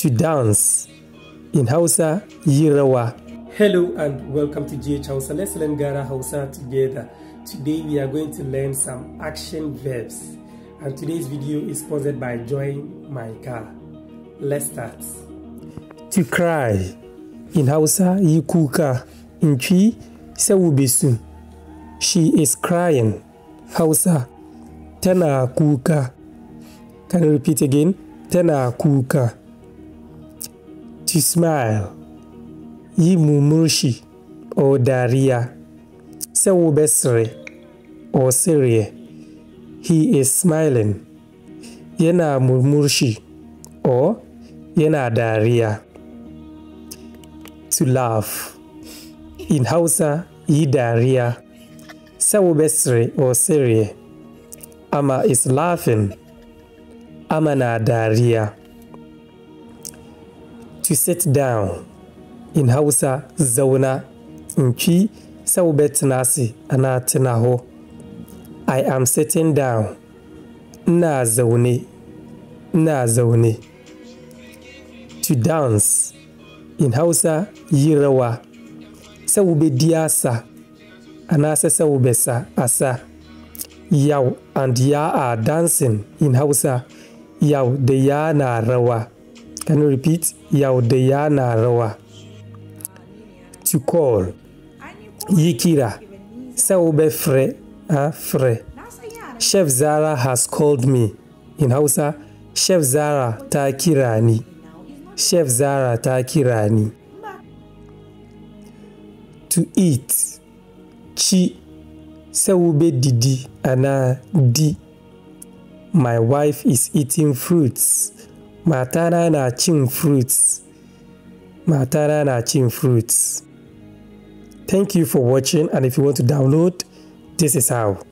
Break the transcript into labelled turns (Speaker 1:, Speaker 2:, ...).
Speaker 1: to dance in Hausa Yirawa. Hello and welcome to GH Hausa. Let's learn Gara Hausa together. Today we are going to learn some action verbs and today's video is sponsored by Join My Car. Let's start. To cry in Hausa Yikuka Nchi Sewubisu. She is crying. Hausa tena Kuka. Can you repeat again? Tena Kuka to smile, yi murmushi or daria, se besre or sirye, he is smiling, yena murmushi or yena daria. To laugh, in Hausa yi daria, se besre or sirye, ama is laughing, ama na to sit down in Hausa zauna inki saubet nasi ana ho. I am sitting down. na zaune. na zaune. To dance in Hausa yi rawa. Saube diyasa ana sa asa. Yau and ya are dancing in Hausa. Yau da ya na rawa. Can you repeat? Yaudaya na rawa. To call. Yi kira. Sai ube fre. Ah, fre. Chef Zara has called me. In Hausa, Chef Zara ta kira Chef Zara ta kira To eat. Chi. Sai ube didi. Ana di. My wife is eating fruits. matana na cin fruits matana na cin fruits thank you for watching and if you want to download this is how